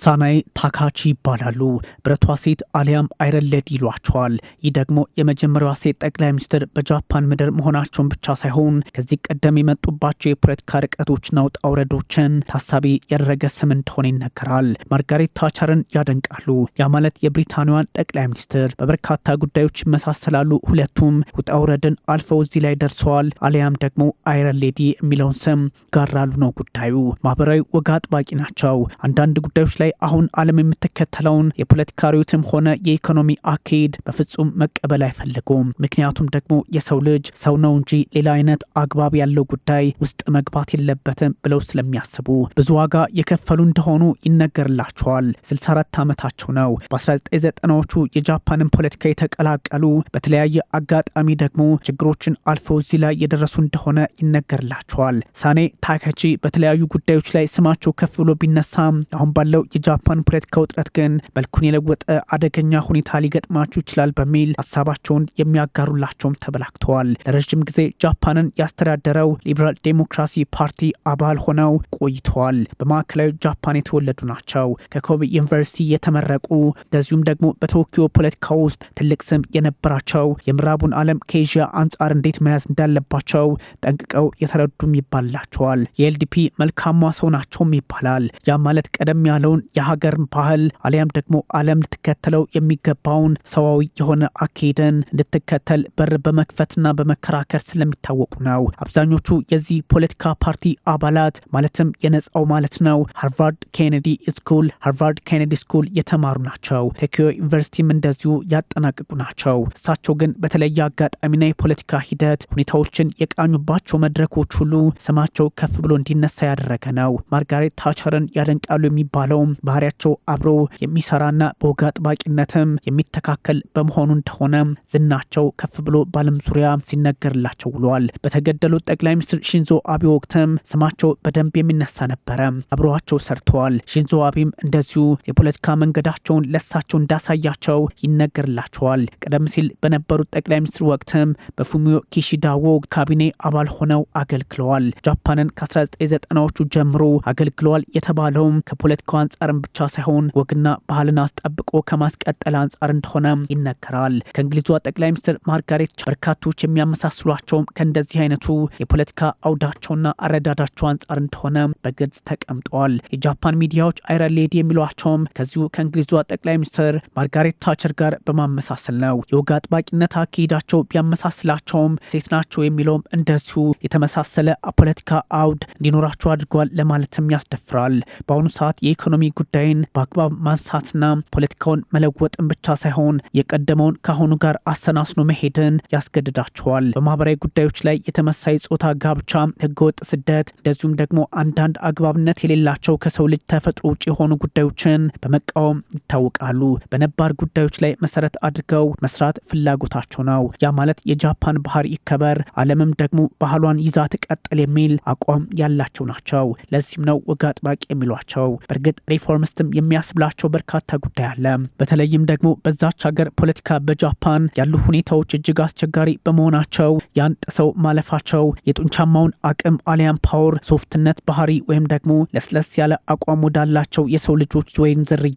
ሳናይ ታካቺ ይባላሉ። ብረቷ ሴት አሊያም አይረን ሌዲ ይሏቸዋል። ይህ ደግሞ የመጀመሪያዋ ሴት ጠቅላይ ሚኒስትር በጃፓን ምድር መሆናቸውን ብቻ ሳይሆን ከዚህ ቀደም የመጡባቸው የፖለቲካ ርቀቶችና ውጣ ውረዶችን ታሳቢ ያደረገ ስም እንደሆነ ይነገራል። ማርጋሬት ታቸርን ያደንቃሉ። ያ ማለት የብሪታንያን ጠቅላይ ሚኒስትር በበርካታ ጉዳዮች ይመሳሰላሉ። ሁለቱም ውጣ ውረድን አልፈው እዚህ ላይ ደርሰዋል። አሊያም ደግሞ አይረን ሌዲ የሚለውን ስም ጋራሉ ነው ጉዳዩ። ማህበራዊ ወግ አጥባቂ ናቸው። አንዳንድ ጉዳዮች ላይ አሁን ዓለም የምትከተለውን የፖለቲካ ርዕዮትም ሆነ የኢኮኖሚ አካሄድ በፍጹም መቀበል አይፈልጉም። ምክንያቱም ደግሞ የሰው ልጅ ሰው ነው እንጂ ሌላ አይነት አግባብ ያለው ጉዳይ ውስጥ መግባት የለበትም ብለው ስለሚያስቡ ብዙ ዋጋ የከፈሉ እንደሆኑ ይነገርላቸዋል። 64 ዓመታቸው ነው። በ1990ዎቹ የጃፓንን ፖለቲካ የተቀላቀሉ በተለያየ አጋጣሚ ደግሞ ችግሮችን አልፈው እዚህ ላይ የደረሱ እንደሆነ ይነገርላቸዋል። ሳኔ ታከቺ በተለያዩ ጉዳዮች ላይ ስማቸው ከፍ ብሎ ቢነሳም አሁን ባለው የጃፓን ፖለቲካ ውጥረት ግን መልኩን የለወጠ አደገኛ ሁኔታ ሊገጥማችሁ ይችላል በሚል ሀሳባቸውን የሚያጋሩላቸውም ተበላክተዋል። ለረዥም ጊዜ ጃፓንን ያስተዳደረው ሊበራል ዴሞክራሲ ፓርቲ አባል ሆነው ቆይተዋል። በማዕከላዊ ጃፓን የተወለዱ ናቸው። ከኮቤ ዩኒቨርሲቲ የተመረቁ እንደዚሁም ደግሞ በቶኪዮ ፖለቲካ ውስጥ ትልቅ ስም የነበራቸው የምዕራቡን ዓለም ከኤዥያ አንጻር እንዴት መያዝ እንዳለባቸው ጠንቅቀው የተረዱም ይባላቸዋል። የኤልዲፒ መልካሟ ሰው ናቸውም ይባላል። ያ ማለት ቀደም ያለውን የሚሆን የሀገርን ባህል አሊያም ደግሞ ዓለም ልትከተለው የሚገባውን ሰዋዊ የሆነ አካሄድን እንድትከተል በር በመክፈትና በመከራከር ስለሚታወቁ ነው። አብዛኞቹ የዚህ ፖለቲካ ፓርቲ አባላት ማለትም የነጻው ማለት ነው ሃርቫርድ ኬኔዲ ስኩል ሃርቫርድ ኬኔዲ ስኩል የተማሩ ናቸው። ቴኪዮ ዩኒቨርሲቲም እንደዚሁ ያጠናቀቁ ናቸው። እሳቸው ግን በተለየ አጋጣሚና የፖለቲካ ሂደት ሁኔታዎችን የቃኙባቸው መድረኮች ሁሉ ስማቸው ከፍ ብሎ እንዲነሳ ያደረገ ነው። ማርጋሬት ታቸርን ያደንቃሉ የሚባለውም ባህሪያቸው አብሮ የሚሰራና በወግ አጥባቂነትም የሚተካከል በመሆኑ እንደሆነ ዝናቸው ከፍ ብሎ በዓለም ዙሪያ ሲነገርላቸው ውለዋል። በተገደሉት ጠቅላይ ሚኒስትር ሺንዞ አቢ ወቅትም ስማቸው በደንብ የሚነሳ ነበረ። አብረዋቸው ሰርተዋል። ሺንዞ አቢም እንደዚሁ የፖለቲካ መንገዳቸውን ለሳቸው እንዳሳያቸው ይነገርላቸዋል። ቀደም ሲል በነበሩት ጠቅላይ ሚኒስትር ወቅትም በፉሚዮ ኪሺዳዎ ካቢኔ አባል ሆነው አገልግለዋል። ጃፓንን ከ1990ዎቹ ጀምሮ አገልግለዋል የተባለውም ከፖለቲካው አንጻር አንጻርም ብቻ ሳይሆን ወግና ባህልን አስጠብቆ ከማስቀጠል አንጻር እንደሆነ ይነገራል። ከእንግሊዟ ጠቅላይ ሚኒስትር ማርጋሬት በርካቶች የሚያመሳስሏቸውም ከእንደዚህ አይነቱ የፖለቲካ አውዳቸውና አረዳዳቸው አንጻር እንደሆነ በግልጽ ተቀምጠዋል። የጃፓን ሚዲያዎች አይረን ሌዲ የሚሏቸውም ከዚሁ ከእንግሊዟ ጠቅላይ ሚኒስትር ማርጋሬት ታቸር ጋር በማመሳሰል ነው። የወግ አጥባቂነት አካሄዳቸው ቢያመሳስላቸውም ሴት ናቸው የሚለውም እንደዚሁ የተመሳሰለ ፖለቲካ አውድ እንዲኖራቸው አድርጓል ለማለትም ያስደፍራል። በአሁኑ ሰዓት የኢኮኖሚ ጉዳይን በአግባብ ማንሳትና ፖለቲካውን መለወጥን ብቻ ሳይሆን የቀደመውን ከአሁኑ ጋር አሰናስኖ መሄድን ያስገድዳቸዋል። በማህበራዊ ጉዳዮች ላይ የተመሳይ ጾታ ጋብቻ፣ ህገወጥ ስደት፣ እንደዚሁም ደግሞ አንዳንድ አግባብነት የሌላቸው ከሰው ልጅ ተፈጥሮ ውጭ የሆኑ ጉዳዮችን በመቃወም ይታወቃሉ። በነባር ጉዳዮች ላይ መሰረት አድርገው መስራት ፍላጎታቸው ነው። ያ ማለት የጃፓን ባህር ይከበር፣ አለምም ደግሞ ባህሏን ይዛ ትቀጥል የሚል አቋም ያላቸው ናቸው። ለዚህም ነው ወግ አጥባቂ የሚሏቸው። በእርግጥ ሪፎርሚስትም የሚያስብላቸው በርካታ ጉዳይ አለ። በተለይም ደግሞ በዛች ሀገር ፖለቲካ በጃፓን ያሉ ሁኔታዎች እጅግ አስቸጋሪ በመሆናቸው ያን ጥሰው ማለፋቸው የጡንቻማውን አቅም አሊያም ፓወር ሶፍትነት ባህሪ ወይም ደግሞ ለስለስ ያለ አቋም ወዳላቸው የሰው ልጆች ወይም ዝርያ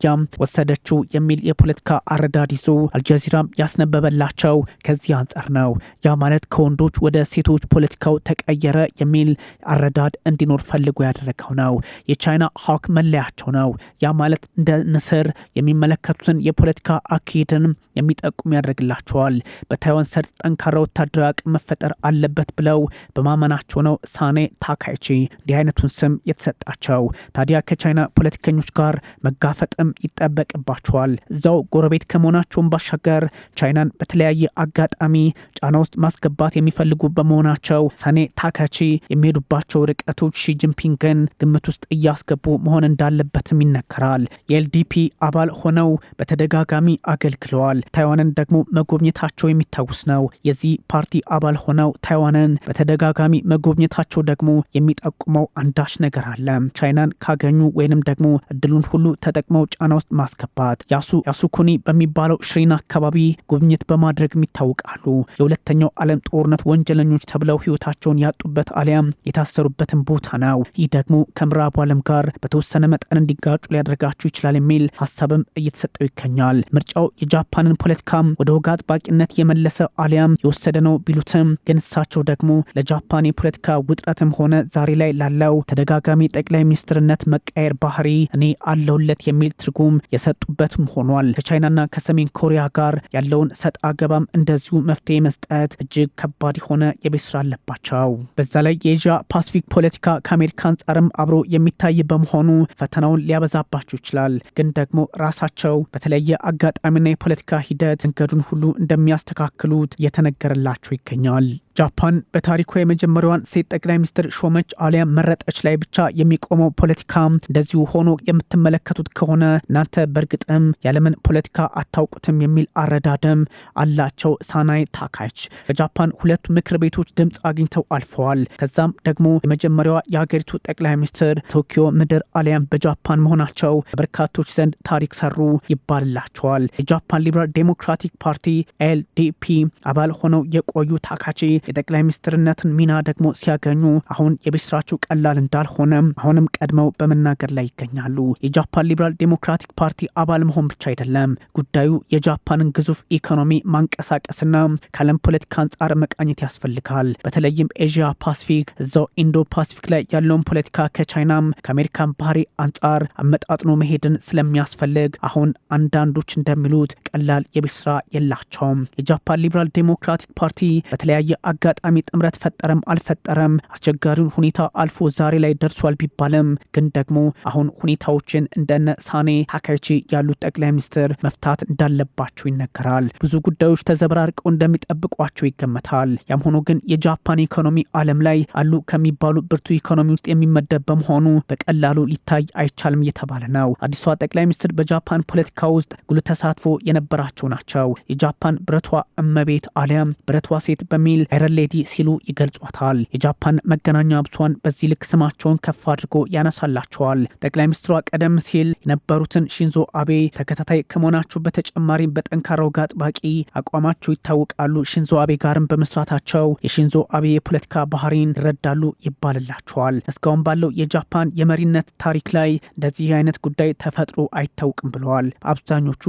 ወሰደችው የሚል የፖለቲካ አረዳድ ይዞ አልጀዚራም ያስነበበላቸው ከዚህ አንጻር ነው። ያ ማለት ከወንዶች ወደ ሴቶች ፖለቲካው ተቀየረ የሚል አረዳድ እንዲኖር ፈልጎ ያደረገው ነው። የቻይና ሀውክ መለያቸው ነው። ያ ማለት እንደ ንስር የሚመለከቱትን የፖለቲካ አኪሄድን የሚጠቁም ያደርግላቸዋል። በታይዋን ሰርጥ ጠንካራ ወታደራዊ አቅም መፈጠር አለበት ብለው በማመናቸው ነው ሳኔ ታካይቺ እንዲህ አይነቱን ስም የተሰጣቸው። ታዲያ ከቻይና ፖለቲከኞች ጋር መጋፈጥም ይጠበቅባቸዋል። እዛው ጎረቤት ከመሆናቸውን ባሻገር ቻይናን በተለያየ አጋጣሚ ጫና ውስጥ ማስገባት የሚፈልጉ በመሆናቸው ሳኔ ታካቺ የሚሄዱባቸው ርቀቶች ሺጂንፒንግን ግምት ውስጥ እያስገቡ መሆን እንዳለበትም ስም ይነገራል። የኤልዲፒ አባል ሆነው በተደጋጋሚ አገልግለዋል። ታይዋንን ደግሞ መጎብኘታቸው የሚታወስ ነው። የዚህ ፓርቲ አባል ሆነው ታይዋንን በተደጋጋሚ መጎብኘታቸው ደግሞ የሚጠቁመው አንዳች ነገር አለ። ቻይናን ካገኙ ወይንም ደግሞ እድሉን ሁሉ ተጠቅመው ጫና ውስጥ ማስገባት ያሱ ያሱኩኒ በሚባለው ሽሪና አካባቢ ጉብኝት በማድረግ ይታወቃሉ። የሁለተኛው ዓለም ጦርነት ወንጀለኞች ተብለው ህይወታቸውን ያጡበት አሊያም የታሰሩበትን ቦታ ነው። ይህ ደግሞ ከምዕራቡ ዓለም ጋር በተወሰነ መጠን እንዲ ተጋጩ ሊያደርጋችሁ ይችላል የሚል ሀሳብም እየተሰጠው ይገኛል። ምርጫው የጃፓንን ፖለቲካም ወደ ወግ አጥባቂነት የመለሰ አሊያም የወሰደ ነው ቢሉትም ግን እሳቸው ደግሞ ለጃፓን የፖለቲካ ውጥረትም ሆነ ዛሬ ላይ ላለው ተደጋጋሚ ጠቅላይ ሚኒስትርነት መቀየር ባህሪ እኔ አለውለት የሚል ትርጉም የሰጡበትም ሆኗል። ከቻይናና ከሰሜን ኮሪያ ጋር ያለውን ሰጥ አገባም እንደዚሁ መፍትሄ መስጠት እጅግ ከባድ የሆነ የቤት ስራ አለባቸው። በዛ ላይ የኤዥያ ፓሲፊክ ፖለቲካ ከአሜሪካ አንጻርም አብሮ የሚታይ በመሆኑ ፈተናውን ሊያበዛባችሁ ይችላል። ግን ደግሞ ራሳቸው በተለየ አጋጣሚና የፖለቲካ ሂደት መንገዱን ሁሉ እንደሚያስተካክሉት እየተነገረላቸው ይገኛል። ጃፓን በታሪኳ የመጀመሪያዋን ሴት ጠቅላይ ሚኒስትር ሾመች አሊያም መረጠች ላይ ብቻ የሚቆመው ፖለቲካ እንደዚሁ ሆኖ የምትመለከቱት ከሆነ እናንተ በእርግጥም የዓለምን ፖለቲካ አታውቁትም የሚል አረዳደም አላቸው። ሳናይ ታካች በጃፓን ሁለቱ ምክር ቤቶች ድምፅ አግኝተው አልፈዋል። ከዛም ደግሞ የመጀመሪያዋ የሀገሪቱ ጠቅላይ ሚኒስትር ቶኪዮ ምድር አሊያም በጃፓን መሆናቸው በርካቶች ዘንድ ታሪክ ሰሩ ይባልላቸዋል። የጃፓን ሊበራል ዴሞክራቲክ ፓርቲ ኤልዲፒ አባል ሆነው የቆዩ ታካቼ የጠቅላይ ሚኒስትርነትን ሚና ደግሞ ሲያገኙ አሁን የቤት ስራቸው ቀላል እንዳልሆነ አሁንም ቀድመው በመናገር ላይ ይገኛሉ። የጃፓን ሊበራል ዴሞክራቲክ ፓርቲ አባል መሆን ብቻ አይደለም፣ ጉዳዩ የጃፓንን ግዙፍ ኢኮኖሚ ማንቀሳቀስና ከዓለም ፖለቲካ አንጻር መቃኘት ያስፈልጋል። በተለይም ኤዥያ ፓሲፊክ እዛው ኢንዶ ፓሲፊክ ላይ ያለውን ፖለቲካ ከቻይናም ከአሜሪካን ባህሪ አንጻር አመጣጥኖ መሄድን ስለሚያስፈልግ አሁን አንዳንዶች እንደሚሉት ቀላል የቤት ስራ የላቸውም። የጃፓን ሊበራል ዴሞክራቲክ ፓርቲ በተለያየ አጋጣሚ ጥምረት ፈጠረም አልፈጠረም አስቸጋሪውን ሁኔታ አልፎ ዛሬ ላይ ደርሷል ቢባልም ግን ደግሞ አሁን ሁኔታዎችን እንደነ ሳኔ ሀካቺ ያሉት ጠቅላይ ሚኒስትር መፍታት እንዳለባቸው ይነገራል። ብዙ ጉዳዮች ተዘበራርቀው እንደሚጠብቋቸው ይገመታል። ያም ሆኖ ግን የጃፓን ኢኮኖሚ ዓለም ላይ አሉ ከሚባሉ ብርቱ ኢኮኖሚ ውስጥ የሚመደብ በመሆኑ በቀላሉ ሊታይ አይቻልም እየተባለ ነው። አዲሷ ጠቅላይ ሚኒስትር በጃፓን ፖለቲካ ውስጥ ጉልህ ተሳትፎ የነበራቸው ናቸው። የጃፓን ብረቷ እመቤት አሊያም ብረቷ ሴት በሚል ሄረሌዲ ሲሉ ይገልጿታል። የጃፓን መገናኛ ብሷን በዚህ ልክ ስማቸውን ከፍ አድርጎ ያነሳላቸዋል። ጠቅላይ ሚኒስትሯ ቀደም ሲል የነበሩትን ሺንዞ አቤ ተከታታይ ከመሆናቸው በተጨማሪም በጠንካራ ወግ አጥባቂ አቋማቸው ይታወቃሉ። ሺንዞ አቤ ጋርም በመስራታቸው የሺንዞ አቤ የፖለቲካ ባህሪን ይረዳሉ ይባልላቸዋል። እስካሁን ባለው የጃፓን የመሪነት ታሪክ ላይ እንደዚህ አይነት ጉዳይ ተፈጥሮ አይታወቅም ብለዋል። አብዛኞቹ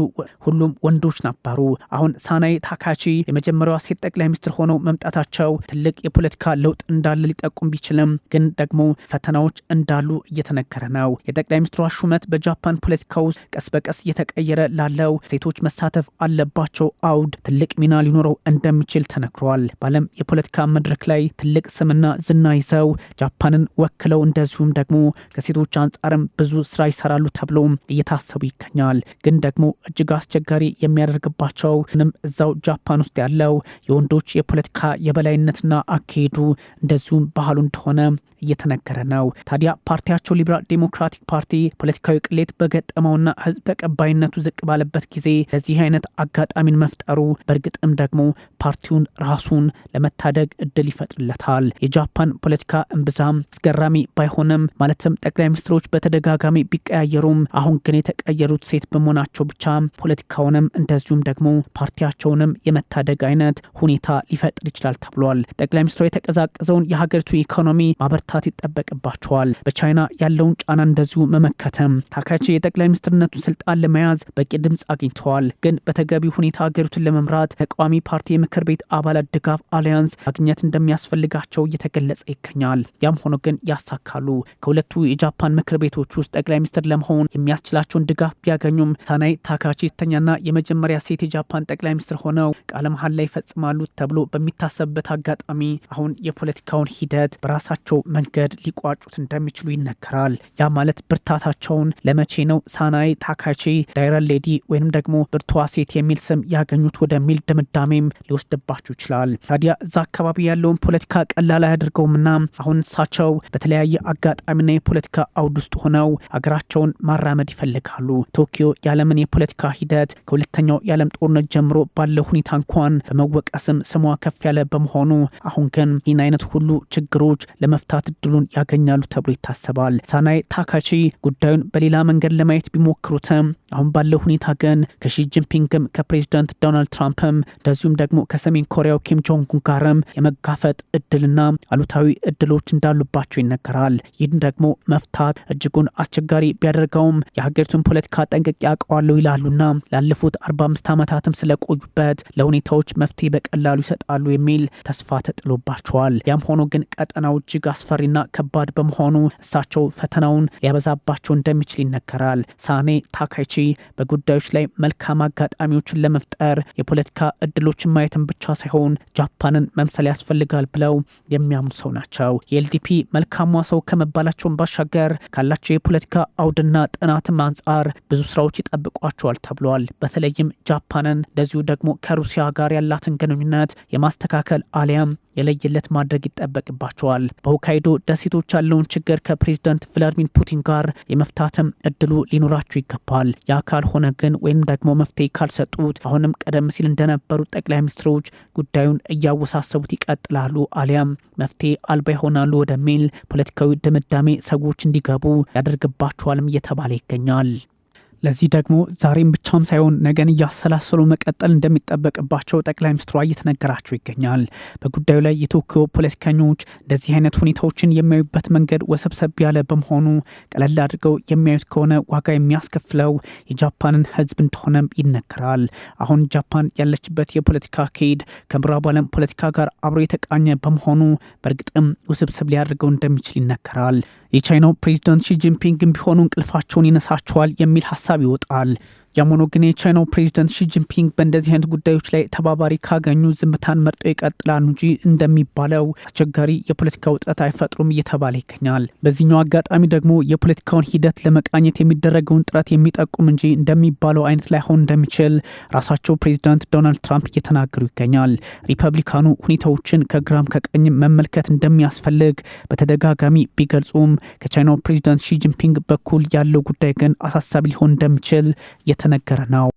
ሁሉም ወንዶች ነበሩ። አሁን ሳናይ ታካቺ የመጀመሪያዋ ሴት ጠቅላይ ሚኒስትር ሆነው መምጣታቸው መኖራቸው ትልቅ የፖለቲካ ለውጥ እንዳለ ሊጠቁም ቢችልም ግን ደግሞ ፈተናዎች እንዳሉ እየተነገረ ነው። የጠቅላይ ሚኒስትሯ ሹመት በጃፓን ፖለቲካ ውስጥ ቀስ በቀስ እየተቀየረ ላለው ሴቶች መሳተፍ አለባቸው አውድ ትልቅ ሚና ሊኖረው እንደሚችል ተነግሯል። በዓለም የፖለቲካ መድረክ ላይ ትልቅ ስምና ዝና ይዘው ጃፓንን ወክለው እንደዚሁም ደግሞ ከሴቶች አንጻርም ብዙ ስራ ይሰራሉ ተብሎ እየታሰቡ ይገኛል። ግን ደግሞ እጅግ አስቸጋሪ የሚያደርግባቸው ምንም እዛው ጃፓን ውስጥ ያለው የወንዶች የፖለቲካ የበላይነትና አካሄዱ እንደዚሁም ባህሉ እንደሆነ እየተነገረ ነው። ታዲያ ፓርቲያቸው ሊበራል ዴሞክራቲክ ፓርቲ ፖለቲካዊ ቅሌት በገጠመውና ህዝብ ተቀባይነቱ ዝቅ ባለበት ጊዜ ለዚህ አይነት አጋጣሚን መፍጠሩ በእርግጥም ደግሞ ፓርቲውን ራሱን ለመታደግ እድል ይፈጥርለታል። የጃፓን ፖለቲካ እምብዛም አስገራሚ ባይሆንም ማለትም ጠቅላይ ሚኒስትሮች በተደጋጋሚ ቢቀያየሩም አሁን ግን የተቀየሩት ሴት በመሆናቸው ብቻ ፖለቲካውንም እንደዚሁም ደግሞ ፓርቲያቸውንም የመታደግ አይነት ሁኔታ ሊፈጥር ይችላል ተብሏል። ጠቅላይ ሚኒስትሯ የተቀዛቀዘውን የሀገሪቱ ኢኮኖሚ ማበርታ መፍታት ይጠበቅባቸዋል። በቻይና ያለውን ጫና እንደዚሁ መመከተም። ታካቼ የጠቅላይ ሚኒስትርነቱን ስልጣን ለመያዝ በቂ ድምፅ አግኝተዋል። ግን በተገቢ ሁኔታ ሀገሪቱን ለመምራት ተቃዋሚ ፓርቲ የምክር ቤት አባላት ድጋፍ አሊያንስ ማግኘት እንደሚያስፈልጋቸው እየተገለጸ ይገኛል። ያም ሆኖ ግን ያሳካሉ። ከሁለቱ የጃፓን ምክር ቤቶች ውስጥ ጠቅላይ ሚኒስትር ለመሆን የሚያስችላቸውን ድጋፍ ቢያገኙም ሳናይ ታካቺ የተኛና የመጀመሪያ ሴት የጃፓን ጠቅላይ ሚኒስትር ሆነው ቃለ መሀል ላይ ይፈጽማሉ ተብሎ በሚታሰብበት አጋጣሚ አሁን የፖለቲካውን ሂደት በራሳቸው መንገድ ሊቋጩት እንደሚችሉ ይነገራል። ያ ማለት ብርታታቸውን ለመቼ ነው ሳናይ ታካቺ ዳይረን ሌዲ ወይንም ደግሞ ብርቷ ሴት የሚል ስም ያገኙት ወደሚል ድምዳሜም ሊወስድባቸው ይችላል። ታዲያ እዛ አካባቢ ያለውን ፖለቲካ ቀላል አያደርገውምና አሁን እሳቸው በተለያየ አጋጣሚና የፖለቲካ አውድ ውስጥ ሆነው አገራቸውን ማራመድ ይፈልጋሉ። ቶኪዮ የዓለምን የፖለቲካ ሂደት ከሁለተኛው የዓለም ጦርነት ጀምሮ ባለው ሁኔታ እንኳን በመወቀስም ስሟ ከፍ ያለ በመሆኑ አሁን ግን ይህን አይነት ሁሉ ችግሮች ለመፍታት የማሳካት እድሉን ያገኛሉ ተብሎ ይታሰባል። ሳናይ ታካቺ ጉዳዩን በሌላ መንገድ ለማየት ቢሞክሩትም አሁን ባለው ሁኔታ ግን ከሺ ጂንፒንግም ከፕሬዚዳንት ዶናልድ ትራምፕም እንደዚሁም ደግሞ ከሰሜን ኮሪያው ኪም ጆንጉን ጋርም የመጋፈጥ እድልና አሉታዊ እድሎች እንዳሉባቸው ይነገራል። ይህን ደግሞ መፍታት እጅጉን አስቸጋሪ ቢያደርገውም የሀገሪቱን ፖለቲካ ጠንቅቄ አውቀዋለሁ ይላሉና ላለፉት አርባ ዓመታትም ስለቆዩበት ለሁኔታዎች መፍትሄ በቀላሉ ይሰጣሉ የሚል ተስፋ ተጥሎባቸዋል። ያም ሆኖ ግን ቀጠናው እጅግ አስፈ አስፈሪና ከባድ በመሆኑ እሳቸው ፈተናውን ሊያበዛባቸው እንደሚችል ይነገራል። ሳኔ ታካይቺ በጉዳዮች ላይ መልካም አጋጣሚዎችን ለመፍጠር የፖለቲካ እድሎችን ማየትን ብቻ ሳይሆን ጃፓንን መምሰል ያስፈልጋል ብለው የሚያምኑ ሰው ናቸው። የኤልዲፒ መልካሟ ሰው ከመባላቸውን ባሻገር ካላቸው የፖለቲካ አውድና ጥናትም አንጻር ብዙ ስራዎች ይጠብቋቸዋል ተብሏል። በተለይም ጃፓንን እንደዚሁ ደግሞ ከሩሲያ ጋር ያላትን ግንኙነት የማስተካከል አሊያም የለየለት ማድረግ ይጠበቅባቸዋል። በሆካይዶ ሄዶ ደሴቶች ያለውን ችግር ከፕሬዚደንት ቭላድሚር ፑቲን ጋር የመፍታትም እድሉ ሊኖራቸው ይገባል። ያ ካልሆነ ግን ወይም ደግሞ መፍትሄ ካልሰጡት አሁንም ቀደም ሲል እንደነበሩ ጠቅላይ ሚኒስትሮች ጉዳዩን እያወሳሰቡት ይቀጥላሉ፣ አሊያም መፍትሄ አልባ ይሆናሉ ወደሚል ፖለቲካዊ ድምዳሜ ሰዎች እንዲገቡ ያደርግባቸዋልም እየተባለ ይገኛል። ለዚህ ደግሞ ዛሬም ብቻም ሳይሆን ነገን እያሰላሰሉ መቀጠል እንደሚጠበቅባቸው ጠቅላይ ሚኒስትሯ እየተነገራቸው ይገኛል። በጉዳዩ ላይ የቶኪዮ ፖለቲከኞች እንደዚህ አይነት ሁኔታዎችን የሚያዩበት መንገድ ወሰብሰብ ያለ በመሆኑ ቀለል አድርገው የሚያዩት ከሆነ ዋጋ የሚያስከፍለው የጃፓንን ሕዝብ እንደሆነም ይነገራል። አሁን ጃፓን ያለችበት የፖለቲካ አካሄድ ከምዕራብ ዓለም ፖለቲካ ጋር አብሮ የተቃኘ በመሆኑ በእርግጥም ውስብስብ ሊያደርገው እንደሚችል ይነገራል። የቻይናው ፕሬዚዳንት ሺጂንፒንግም ቢሆኑ እንቅልፋቸውን ይነሳቸዋል የሚል ሀሳብ ይወጣል። ያም ሆኖ ግን የቻይናው ፕሬዚደንት ሺጂንፒንግ በእንደዚህ አይነት ጉዳዮች ላይ ተባባሪ ካገኙ ዝምታን መርጠው ይቀጥላሉ እንጂ እንደሚባለው አስቸጋሪ የፖለቲካ ውጥረት አይፈጥሩም እየተባለ ይገኛል። በዚህኛው አጋጣሚ ደግሞ የፖለቲካውን ሂደት ለመቃኘት የሚደረገውን ጥረት የሚጠቁም እንጂ እንደሚባለው አይነት ላይሆን እንደሚችል ራሳቸው ፕሬዚዳንት ዶናልድ ትራምፕ እየተናገሩ ይገኛል። ሪፐብሊካኑ ሁኔታዎችን ከግራም ከቀኝ መመልከት እንደሚያስፈልግ በተደጋጋሚ ቢገልጹም ከቻይናው ፕሬዚዳንት ሺጂንፒንግ በኩል ያለው ጉዳይ ግን አሳሳቢ ሊሆን እንደሚችል እየተነገረ ነው።